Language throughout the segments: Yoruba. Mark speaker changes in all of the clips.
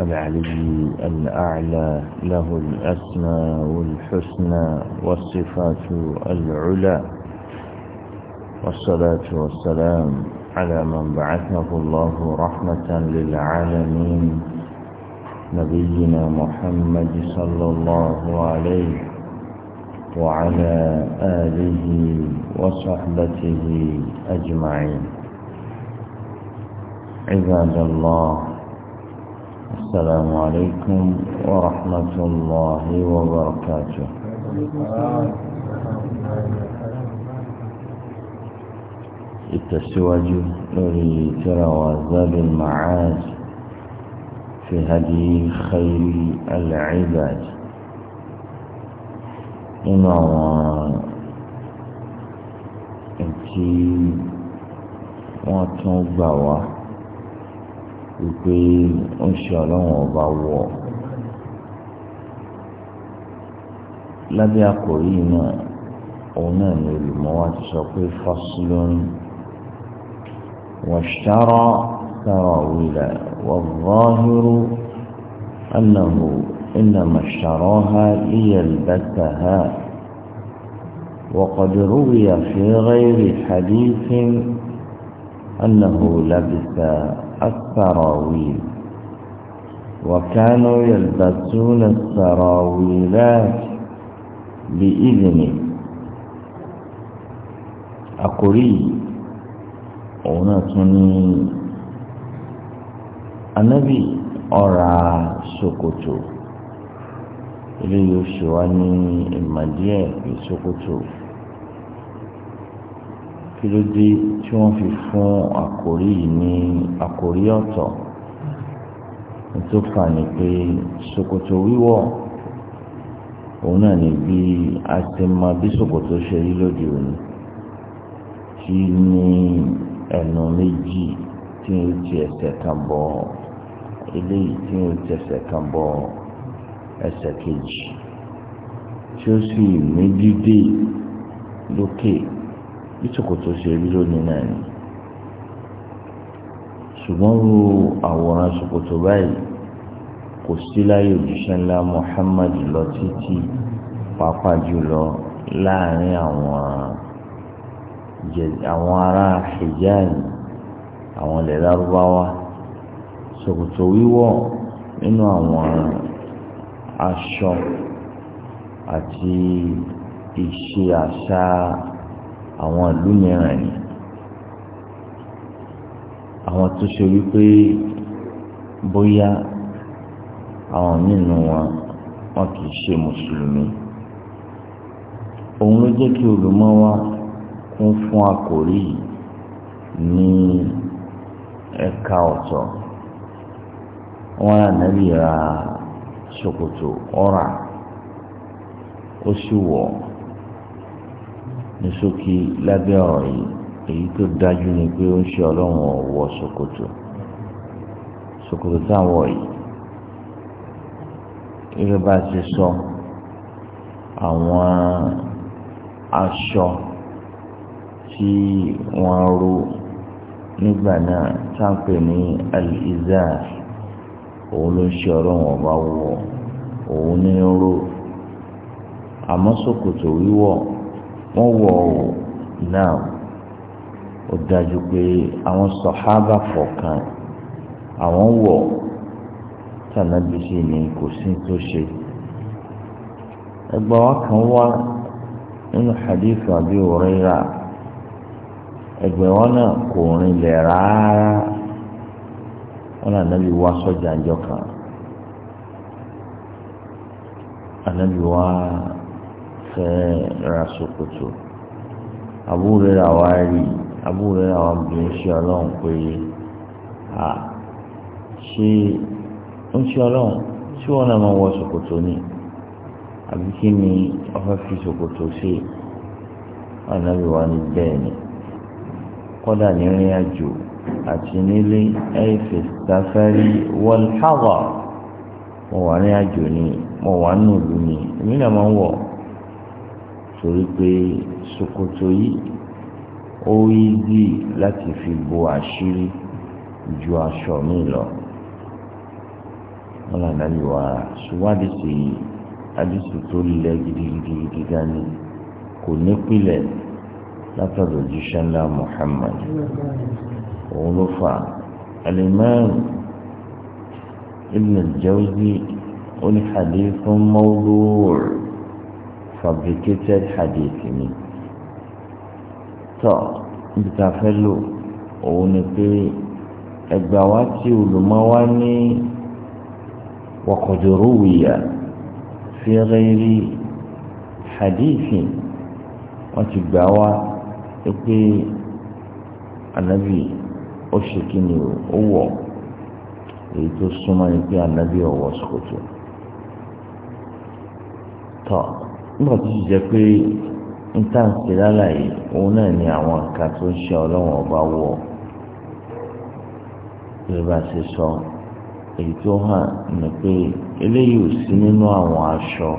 Speaker 1: العلي الأعلى له الأسمى والحسنى والصفات العلى والصلاة والسلام على من بعثه الله رحمة للعالمين نبينا محمد صلى الله عليه وعلى آله وصحبته أجمعين عباد الله السلام عليكم ورحمة الله وبركاته التسواج لترى زاد المعاد في هدي خير العباد الله أنت وتوبوا wípé ó ń ṣe ọlọ́run ọba wọ̀ lábẹ́ àkòrí náà òun náà ni olùmọ́ wa ti sọ pé ṣàrọ̀ faslun vọ́hírú sarawila wal ṣàrọ̀ ha إنما lẹ́tà ha وقد روي في غير حديث أنه لبس السراويل وكانوا يلبسون السراويلات بإذنه أقولي أنا تني النبي أرى سكوتو ليوشواني شواني المدية في سكوتو kí ló dé tí wọ́n fi fún àkórí yìí ní àkórí ọ̀tọ̀ tó fà ní pé ṣòkòtò wíwọ̀ òun náà ní bí a ti mọ bí ṣòkòtò ṣe rí lóde òní tí ní ẹnu méjì tí ó ti ẹsẹ̀ kan bọ̀ eléyìí tí ó ti ẹsẹ̀ kan bọ̀ ẹsẹ̀ kejì tí ó sì méjì dé lókè bí ṣòkòtò ṣe rí lónìí náà ni ṣùgbọ́n ru àwòrán ṣòkòtò báyìí kò sí láyé òjíṣẹ́ ńlá Muhammad lọ títí pàápàá jùlọ láàrin àwọn àwọn ará Hijaz àwọn ilẹ̀ lárúbáwá ṣòkòtò wíwọ̀ nínú àwọn aṣọ àti ìṣe àṣà àwọn ìlú mìíràn ni àwọn tó ṣe wípé bóyá àwọn nínú wọn wọn kì í ṣe mùsùlùmí òun ló jẹ́ kí olùmọ̀ kún fún àkòrí ní ẹ̀ka ọ̀tọ̀ wọn rà nàbí ra ṣòkòtò ọ̀rà ó sì wọ̀ ọ́ ní ṣókí lábẹ́ ọ̀rọ̀ yìí èyí tó dájú ni pé ó ń ṣe ọlọ́run ọ̀wọ́ ṣòkòtò ṣòkòtò táwọn yìí gẹ́gẹ́ bá a ṣe sọ àwọn aṣọ tí wọ́n ró nígbà náà táǹpè ní alizar òun ló ń ṣe ọlọ́run ọba wọ̀ òun ní ró àmọ́ ṣòkòtò wíwọ̀. wọ́n wọ̀ ọ náà ó dájú pé àwọn sọ̀hábà fọ̀kan àwọn wọ̀ tànàbí ni kò sí tó ṣe ẹgbẹ́ wa kan wá nínú hadith Abi wọn náà kò rárá wọn náà fẹ́ ra Sokoto àbúrò rà wá rí àbúrò rà wá bí ń ṣe ọlọ́run pé ṣe ń ṣe ọlọ́run tí wọ́n náà máa wọ ni àbí kí ni ọfẹ́ fi Sokoto ṣe ànábì ni kọ́dà ní rìn àjò àti nílé ẹ̀fẹ̀ sáfẹ́rí wọ́lháwà mo wà ní àjò ni mo wà ni èmi náà máa ń wọ̀ torí pé ṣòkòtò yìí ó yíyí láti fi bo àṣírí ju aṣọ mi lọ wọn là nàbí wa ṣùgbọ́n àdìsí àdìsí tó lẹ gidigidi gan ni kò nípìlẹ̀ látọ̀dọ̀ jíṣẹ́ ńlá Muhammad òun ló fà alimam ibn al-Jawzi ó ní fabricated hadith ni tọ́ níbi tá a fẹ́ lò òun ni pé ẹgbà wa tí olùmọ̀ wa ní wàkọ̀dọ̀rọ̀ wìyà fi rẹ́rí hadith wọ́n ti gbà wá pé anabi ó ṣe kí ni ó wọ̀ èyí tó súnmọ́ ni pé anabi ọ̀wọ́ ṣòkòtò tọ́ nígbà tó sì jẹ́ pé ń tà ń ṣe lálàyé òun náà ni àwọn nǹkan tó ń ṣe ọlọ́wọ́n ọba wọ̀ bí bá ṣe sọ èyí tó hàn ni pé eléyìí ò sí nínú àwọn aṣọ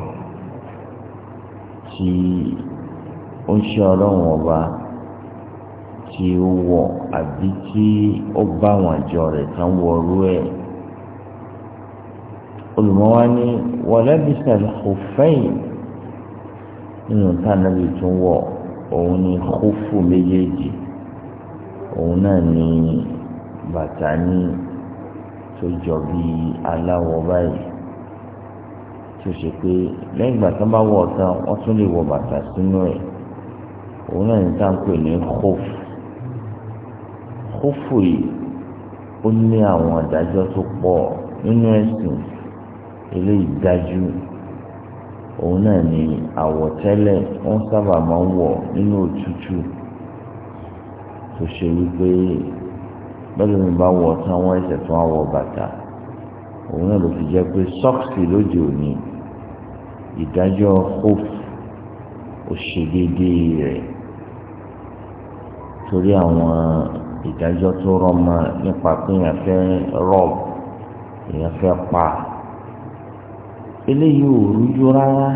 Speaker 1: tí ó ń ṣe ọlọ́wọ́n ọba tí ó wọ̀ àbí tí ó bá àwọn àjọ rẹ̀ tán wọrú ẹ̀ olùmọ́wá ní wọ́n lẹ́bi sẹ́lẹ̀ fẹ́yìn nínú tá ànábì tún wọ̀ òun ni kófù méjèèjì òun náà ni bàtà ní tó jọ bí aláwọ̀ báyìí tó ṣe pé lẹ́yìn ìgbà tó bá wọ̀ tán wọ́n tún lè wọ bàtà sínú ẹ̀ òun náà ní tá ní kófù kófù yìí ó ní àwọn àdájọ́ tó pọ̀ nínú ẹ̀sìn eléyìí dájú òun náà ni àwọ̀tẹ́lẹ̀ wọ́n sábà máa ń wọ̀ nínú òtútù tó ṣe wípé bẹ́ẹ̀ ni bá wọ̀ tán wọ́n ẹsẹ̀ tó wá wọ bàtà òun náà ló fi jẹ́ pé sọ́ọ̀sì lóde òní ìdájọ́ hope ó ṣe déédéé rẹ̀ torí àwọn ìdájọ́ tó rọ̀ mọ́ nípa pé èèyàn fẹ́ rọ̀b èèyàn fẹ́ pa eléyìí ò rújú rárá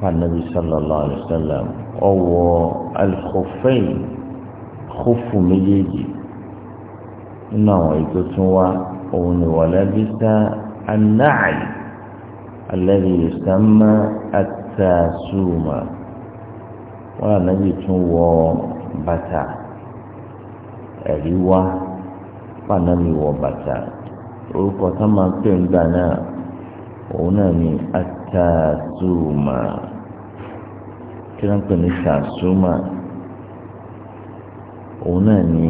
Speaker 1: fanabi sallallahu alayhi wa sallam ọwọ alikọfẹyìn kófù méjèèjì nínú àwọn ètò tún wá òun ni wàlábísà anáàlì alẹ́bí ìsàmà àtàsùmà wọn ànábì tún wọ bàtà ẹ̀rí wá wọn wọ bàtà orúkọ tá máa ń pè ń gbà náà òun náà ni atasuma kí wọ́n pè ní tasuma òun náà ni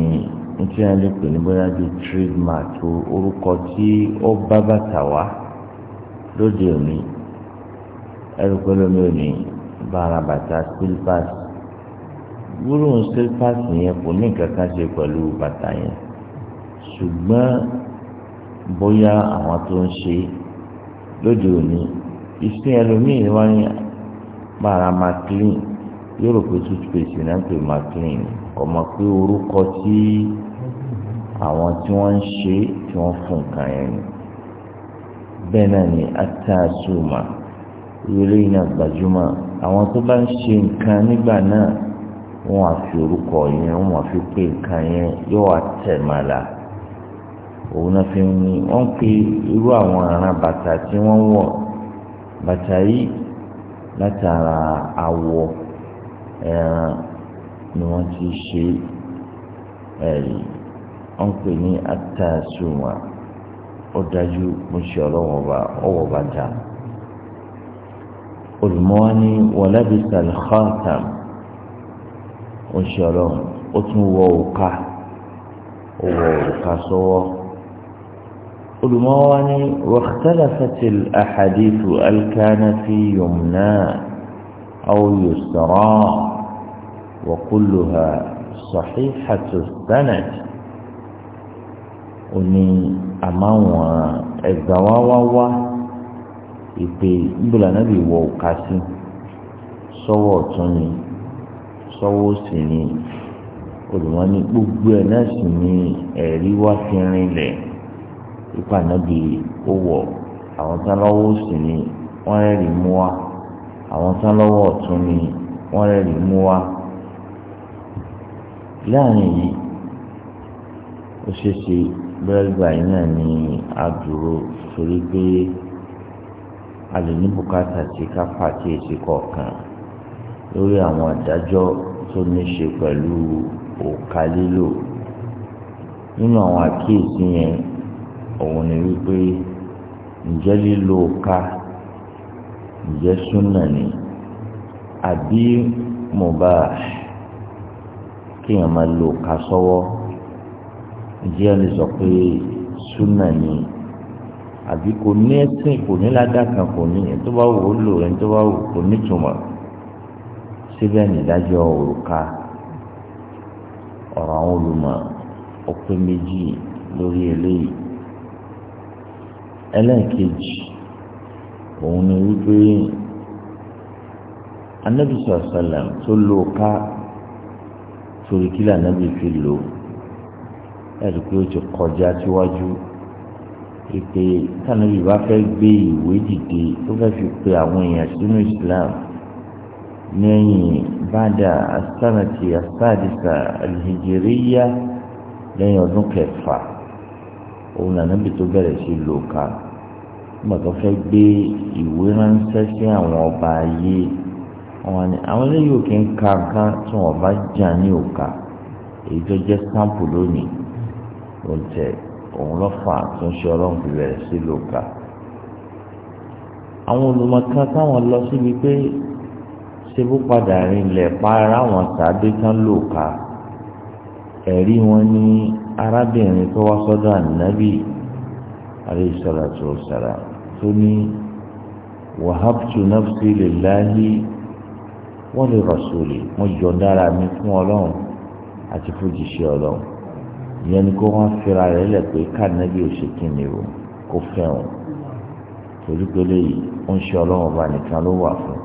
Speaker 1: nítorí wọ́n lè pè ní bóyá ju trademark orúkọ tí ó bá bàtà wá lóde òní ẹrù pẹ̀lú mi ò ní bára bàtà silpas gbólóhùn silpas yẹn kò ní nǹkan kan ṣe pẹ̀lú bàtà yẹn ṣùgbọ́n bóyá àwọn tó ń ṣe é. lóde òní ìsìn ẹlòmíì ni wọ́n bára maclean yóò rò pé náà pè maclean ọmọ pé orúkọ tí àwọn tí wọ́n ń ṣe tí wọ́n fún yẹn ni bẹ́ẹ̀ náà ni ataasuma eré iná gbajúmọ̀ àwọn tó bá ń ṣe nǹkan nígbà náà wọ́n á fi orúkọ yẹn wọ́n á fi nǹkan yẹn yóò òun náà fi ní wọ́n pe irú àwọn aràn bàtà tí wọ́n wọ̀ bàtà yìí látara awọ ẹran ni wọ́n ti ṣe ẹ̀rí wọ́n pè ní atasuwa ó dájú mo ṣe ọlọ́wọ́ bá ọwọ́ bàtà olùmọ́wá wọlábi sàlùkọ́tàm ó ṣe ọlọ́wọ́ ó tún wọ òkà ó wọ òkà sọ́wọ́. So ألمواني واختلفت الأحاديث الكان في يمنى أو يسرا وكلها صحيحة الثنت أني أموى الزواواوى إبي إبلا نبي ووقاسي صوتني صوتني ألمواني أبوى ناسي أريوا في عيني ipa ànábì ó àwọn tán lọ́wọ́ òsì ni wọ́n rẹ́rìí mú wa àwọn tán lọ́wọ́ ọ̀tún ni wọ́n rẹ́rìí mú wa láàrin yìí ó ṣeé ṣe bẹ́ẹ̀gbà yìí náà ni a dúró torí pé a lè ní bùkátà tí ká pàkíyèsí kọ̀ọ̀kan lórí àwọn àdájọ́ tó ní ṣe pẹ̀lú òkà lílò nínú àwọn àkíyèsí yẹn òun ni wípé ǹjẹ́ lílo ka ǹjẹ́ súnà ni àbí mubah kéèyàn máa lo ka sọ́wọ́ ǹjẹ́ ẹni sọ pé súnà ni àbí kò ní ẹsìn kò ní ládàkàn kò ní ẹni tó bá wò ó lò ẹni tó bá wò kò ní túmọ̀ síbẹ̀ nídájọ́ òrùka ọ̀rọ̀ àwọn olùmọ̀ ó méjì lórí eléyìí ẹlẹ́ẹ̀kejì òun ni wípé anabi sọ̀sọ̀lẹ̀m tó lo ká torí kí lànàbì fi lò ẹ̀rí pé ó ti kọjá síwájú ìpè tànàbì bá fẹ́ gbé ìwé dìde tó fẹ́ fi pe àwọn èèyàn sínú Islam lẹ́yìn bàdà asánàtì asádìsà alhijiriya lẹ́yìn ọdún kẹfà òun nànábì tó bẹ̀rẹ̀ sí lò ká nígbà tó fẹ́ gbé ìwé ránṣẹ́ sí àwọn ọba ayé àwọn ni àwọn eléyìí òkè ń ka nǹkan tí wọn bá jà ní òkà èyí tó jẹ́ sáǹpù lónìí ló ń tẹ òun lọ́fà tó ń ṣe ọlọ́run fi bẹ̀rẹ̀ sí lò ká àwọn olùmọ̀kan táwọn lọ síbi pé ṣebú padà rìn lẹ̀ pa ara wọn tàbí tán lò ká ẹ̀rí wọn ní arábìnrin tó wá sọ́dọ̀ ànábì alayhi salatu wassalam tó ní wàhábtu nafsi lillahi wa li rasuli mo jọ dára mi fún ọlọ́run àti fújìṣẹ́ ọlọ́run ìyẹn ni kó wọ́n fira rẹ̀ lẹ̀ pé káànábì ò ṣe kí ni o kó fẹ́ràn torí pé léyìí ó ń ṣe ọlọ́run ọba nìkan ló wà fún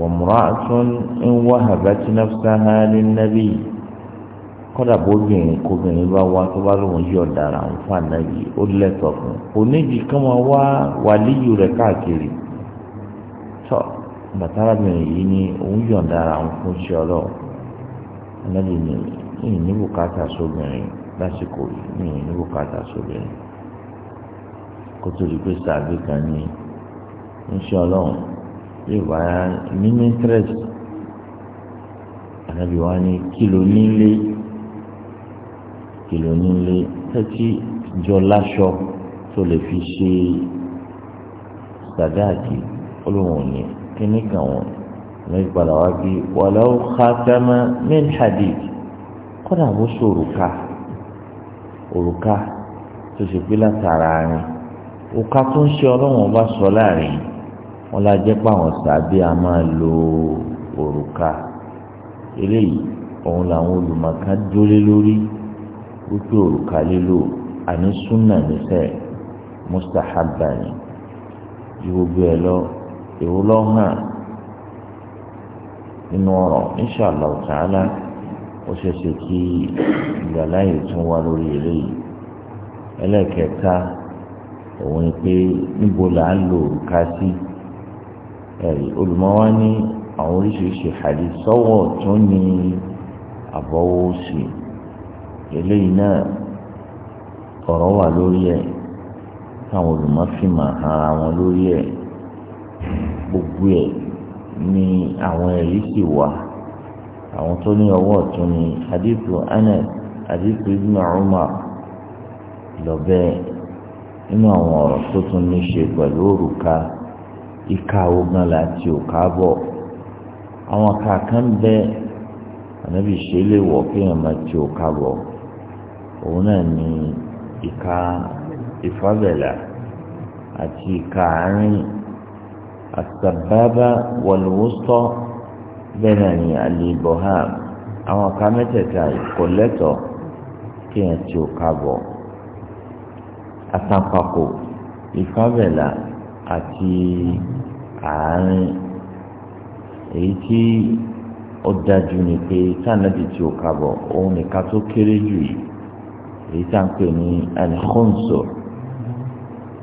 Speaker 1: wa imra'atun in wahabat nafsaha lin nabi kọ́dà bóbìnrin kóbìnrin bá wá tó bá lóun yí ọ̀daràn ń fà náà yìí ó lẹ́tọ̀ọ́ fún un oníjì kan máa wá wàlíyù rẹ̀ káàkiri tọ́ bàtàràbìnrin yìí ni òun yí ọ̀daràn fún iṣẹ́ ọlọ́run ẹlẹ́dì ni ìyìn ní bùkátà sóbìnrin lásìkò yìí ìyìn ní bùkátà sóbìnrin kó tó di pé sàbí kan ní iṣẹ́ ọlọ́run yóò bá ní interest àtàbí wa ní kí ló nílé kìlọ̀ nílé tẹ́tí jọ láṣọ tó lè fi ṣe sàdáàkì olóhùn òní kíní kan wọn lórí padà wá bí wàláwó xatama min hadid kódà bó so òrùka òrùka tó ṣe pé látara rìn òka tó ń ṣe ọlọ́run ọba sọ láàrin wọn la jẹ́ pé àwọn sàbí a máa lo òrùka eléyìí òun làwọn olùmọ̀ká dólé lórí wípé òrùka lílò àní súnà nífẹ̀ mustahaba ni ju gbogbo ẹ lọ èwo lọ hàn nínú ọ̀rọ̀ inshallah ta'ala ó ṣeéṣe kí ìgbàláyè tún wá lórí eléyìí ẹlẹ́ẹ̀kẹta òun ni pé níbo là ń lo òrùka sí ẹ̀rí olùmọ́wá ní àwọn oríṣiríṣi hadith tó ní àbọ̀wọ́ sí i. eléyìí náà ọ̀rọ̀ wà lórí ẹ̀ táwọn ha ara wọn lórí ẹ̀ gbogbo ẹ̀ ni àwọn ẹ̀rí sì wà àwọn tó ní ọwọ́ ọ̀tún ni hadithu Anas hadithu Ibn Umar lọ́bẹ̀ nínú àwọn ọ̀rọ̀ tó tún ní ṣe pẹ̀lú òrùka ìka ogun láti òka bọ̀ àwọn kàkán bẹ́ẹ̀ ànábì ṣe lè wọ̀ kéèyàn máa ti òka bọ̀. òun náà ni ìka ìfábẹ̀là àti ìka àárín àtàbábá wọlúwọ́sọ́ bẹ́ẹ̀ náà ni àlìbọ̀hàm àwọn ọ̀ka mẹ́tẹ̀ẹ̀ta ìkọ̀lẹ́tọ̀ kéèyàn tí ó kábọ̀ àtàpàkò ìfábẹ̀là àti àárín èyí tí ó dájú ni pé tánàbì tí ó kábọ̀ òun nìka tó kéré jù yìí èyí tá à ń pè ní alikhonso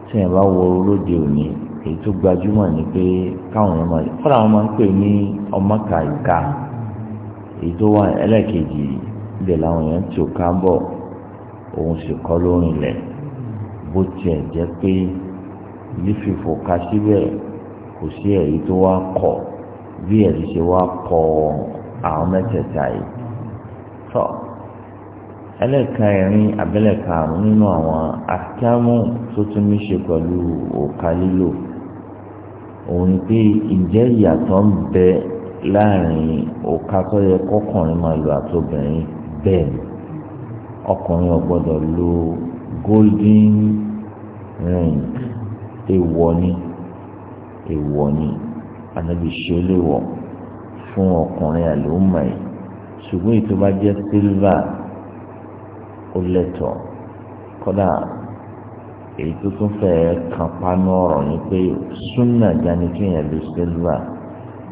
Speaker 1: tí yẹn bá wọ olóde òní èyí tó gbajúmọ̀ ni pé káwọn yẹn máa fúnra wọn máa ń pè ní ọmọkàyíká èyí tó wà ẹlẹ́ẹ̀kejì ibẹ̀ làwọn yẹn tí ò ká ń bọ̀ òun sì kọ́ lórin lẹ̀ bó tiẹ̀ jẹ́ pé lífìfò ká síbẹ̀ kò sí èyí tó wá kọ̀ bí ẹ̀rí ṣe wá kọ àwọn mẹ́tẹ̀ẹ̀ta yìí ẹlẹ́ẹ̀kan ẹ̀rin abẹ́lẹ̀ka àrùn nínú àwọn àtàmú tó tún ní ṣe pẹ̀lú òkà lílò òun ni pé ìjẹ́ ìyàtọ̀ ń bẹ láàrin òkà tó yẹ kọkùnrin máa lò àtobìnrin bẹ́ẹ̀ ni ọkùnrin ò gbọ́dọ̀ lo golden ring èèwọ̀ ni èèwọ̀ ni ànábi ṣe léwọ̀ fún ọkùnrin àlòmọ̀ yìí ṣùgbọ́n ètò bá jẹ́ silver ó lẹ́tọ̀ọ́ kódà èyí tó tún fẹ́ kan pánú ọ̀rọ̀ ni pé súnà gani kéèyàn lè sẹ́lúwà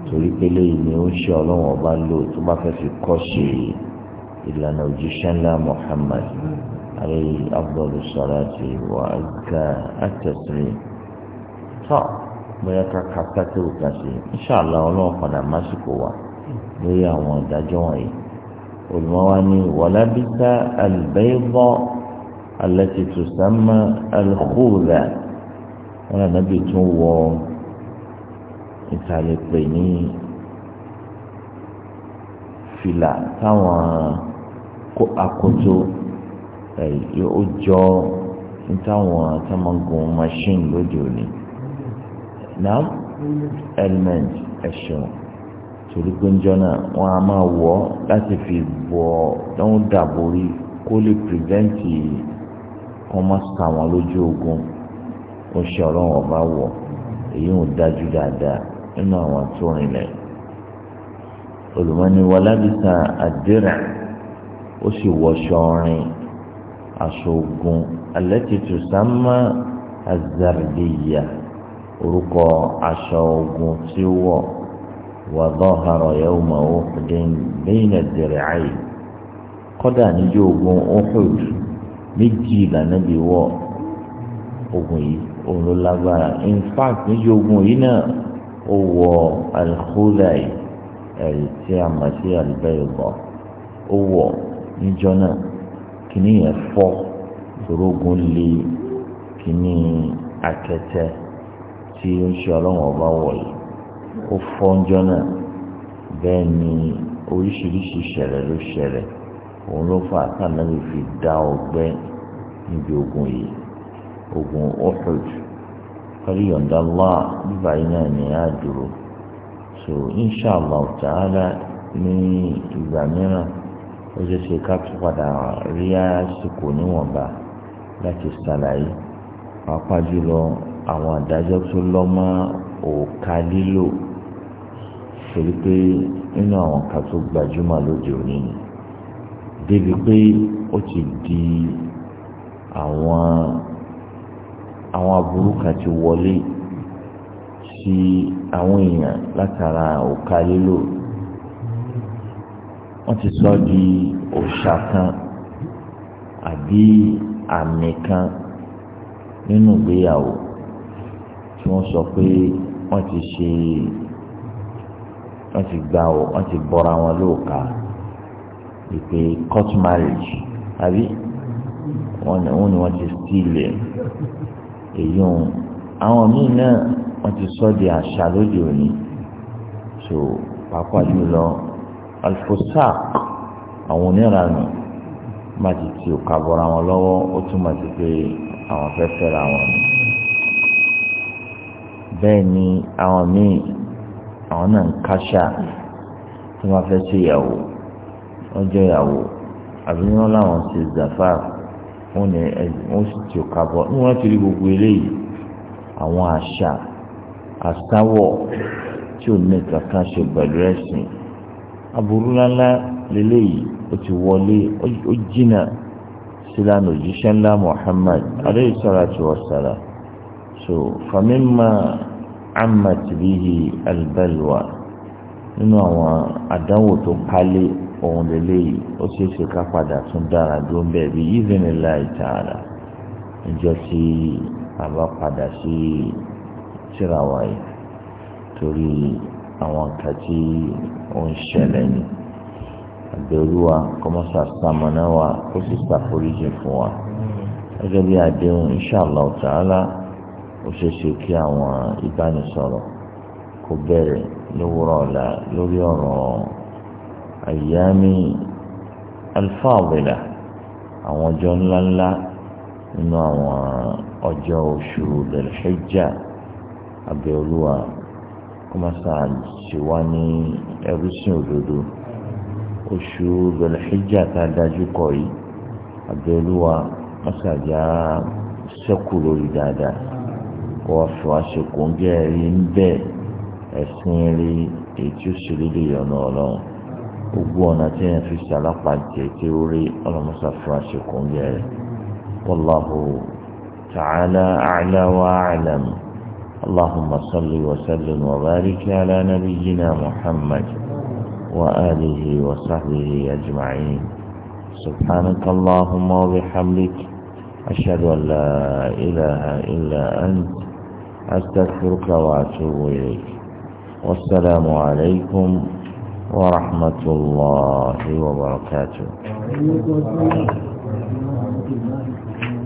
Speaker 1: torí pé léyìí ni ó ń ṣe ọlọ́wọ́n ọba lò tó bá fẹ́ fi kọ́ ṣe ìlànà òjíṣẹ́ ńlá Muhammad alayhi afdalu salati wa azka at-taslim tọ́ bóyá ká ká pátẹ́wò kan sí inṣàlá ọlọ́wọ́n padà másìkò wa lórí àwọn ìdájọ́ wọ̀nyí olùmọ́wání wàlábísà àlùbẹ́ẹ́bọ́ alẹ́tìtùsámà alùkúùdà wọn ànábì tún wọ ìsàlẹ̀ pè ní fìlà táwọn akoto ẹ̀ ó jọ táwọn táwọn machine lóde òní náà element ẹ̀ṣọ́ torí pé ń jọ́nà wọn a máa wọ̀ ọ́ láti fi bọ̀ ọ́ dáhùn dàborí kó lè pìrìvẹ́ǹtì kọ́ má sà wọn lójú ogun ó ṣe ọ̀rọ̀ wọn bá wọ̀ èyí ò dájú dáadáa nínú àwọn tó rìnlẹ̀ olùmọ́ni wàlábìsà àdérà ó sì wọṣọ ọrin aṣọ ogun alẹ́ sámá azardiya orúkọ aṣọ ogun tí ó wọ̀. وظهر يوم أحد بين الذرعين kódà níjọ́ ogun Uhud méjì lànàbí wọ ogun yìí òun ló lágbára in fact níjọ́ ogun yìí náà ó wọ al-khulai ẹ̀rí tí a mọ̀ sí al-bayda ó wọ níjọ́ náà kìíní yẹn fọ́ sorogun lé kìíní akẹ́tẹ́ tí ó ń ṣe ọlọ́wọ́n ọba wọ̀ yìí ó fọ́ ńjọ́ náà bẹ́ẹ̀ ni oríṣiríṣi ìṣẹ̀lẹ̀ ló ṣẹlẹ̀ òun ló fà tànàbí fi dá ọgbẹ́ níbi ogun yìí ogun Uhud pẹ̀lú yọ̀ǹda Allah bíbá yìí náà ní àdúró so inshallah ta'ala ní ìgbà mìíràn ó ṣe ṣe ká tún padà rí àsìkò níwọ̀nba láti ṣàlàyé pàápàá jùlọ àwọn àdájọ́ tó lọ́ mọ́ òòka lílò torí pé nínú àwọn kan tó gbajúmọ̀ lóde òní ni débi pé ó ti di àwọn àwọn aburú kan ti wọlé sí àwọn èèyàn látara òòka lílò wọ́n ti sọ di òòṣà kan àbí àmì kan nínú ìgbéyàwó kí wọ́n sọ pé wọ́n ti ṣe wọ́n ti gbà ọ́ wọ́n ti bọ́ra wọn lóòka ìpè court marriage àbí wọ́n ni wọ́n ti stílẹ̀ èyí òun àwọn míì náà wọ́n ti sọ di àṣà lóde òní so pàápàá jùlọ alfosak àwọn oníranù má ti ti òkà bọ́ra wọn lọ́wọ́ ó túmọ̀ sí pé àwọn fẹ́ fẹ́ra wọn ni. bẹ́ẹ̀ ni àwọn míì àwọn náà ń káṣà tó máa fẹ́ ṣe ìyàwó ọjọ́ ìyàwó àbí zafa wọn ní sì ti ọ̀ka bọ̀ ní ti rí gbogbo eléyìí àwọn àṣà àsáwọ̀ tí ò ní kankan ṣe pẹ̀lú ẹ̀sìn aburú ńláńlá lélẹ́yìí ó ti wọlé ó jìnnà sílánà òjíṣẹ́ ńlá Muhammad ti so famima amatirihi albalwa nínú àwọn àdánwò tó pálé ohun lélẹ́yìí ó ṣeé ṣe ká padà tún dára dúró ń bẹ́ẹ̀ bí iznillahi ta'ala níjọ́ tí a bá padà sí tírà wa yìí torí àwọn nǹkan tí ó ń ṣẹlẹ̀ ni àbẹ̀olúwa kọ́mọ́sà sàmọ̀nà ó sì ṣàforíjì fún wa gẹ́gẹ́ bí àdéhùn insha Allah ó ṣeé ṣe kí àwọn ìbánisọ̀rọ̀ kó bẹ̀rẹ̀ lówùrọ̀ ọ̀la lórí ọ̀rọ̀ àyàmì alfáàbìlà àwọn ọjọ́ ńláńlá nínú àwọn ọjọ́ oṣù lẹ́lẹ́hẹ́jà abẹ́olúwa kọ́másá ṣe wá ní ẹrúsìn òdodo oṣù lẹ́lẹ́hẹ́jà tá a dájú kọ yìí abẹ́olúwa mọ́sàájá sẹ́kù lórí dáadáa kọ́ fọ àṣekò ń gẹ́ ẹ̀rí ń bẹ́ ẹ̀sìn rí èyí tí ó ṣe lédè ìyọ̀nà ọlọ́run gbogbo ọ̀nà tí yẹn fi ṣàlápà jẹ́ tí ó rí ọlọ́mọṣà fún àṣekò ń gẹ́ rẹ̀ wallahu ta'ala a'la اللهم صل وسلم وبارك على نبينا محمد وآله وصحبه أجمعين سبحانك اللهم وبحمدك أشهد أن لا إله إلا أنت أستغفرك وأتوب إليك والسلام عليكم ورحمة الله وبركاته